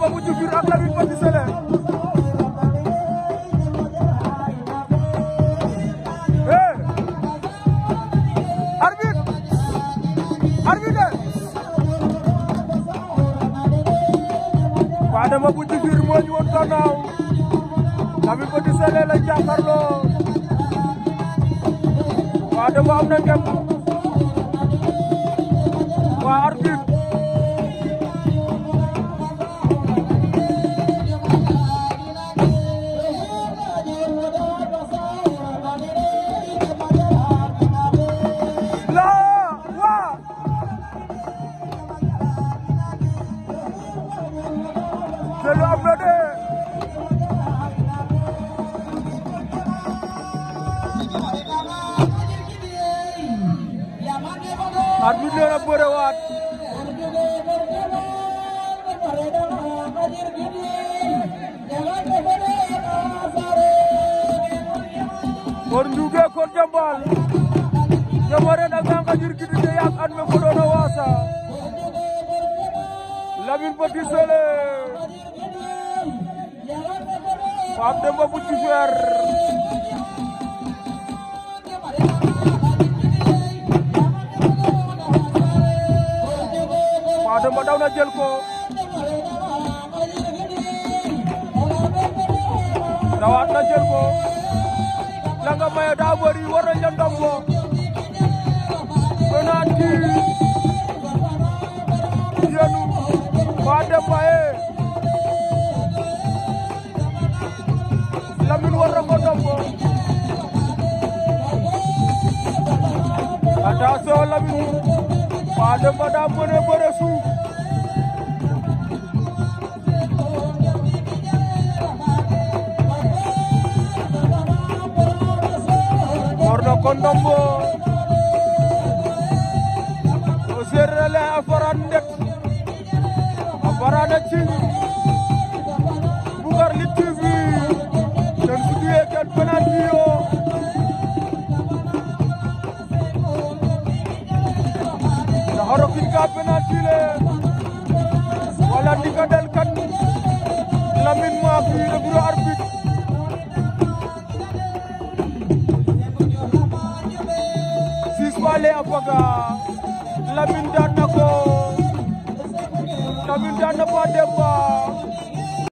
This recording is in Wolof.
Babou Dioufir ak Lamine Petit Sélé eh arbitre arbitre waa dama Babou Dioufir moo ñu woon gannaaw Lamine Petit Sélé la jàkkaarloo waa dama am na ngem waa arbitre jëlu am na Jambal jamare na ganga jirgin de yak an me ko doona wasa Lamine Pape Demba Bouty Fer Pape Demba daw na jël ko dawaat na jël ko la nga maye daa bëri war na jël ndam ko penalty yenu Pape Demba min worro ngo dombo attention lamin fa demba da mone bore suuf worno ko dombo a faran ndet a farana cing Africa penaltile wala dika del kat Lamine mo appuyé le bureau arbitre six wale afoga Lamine daan na ko Lamine daan na ko dem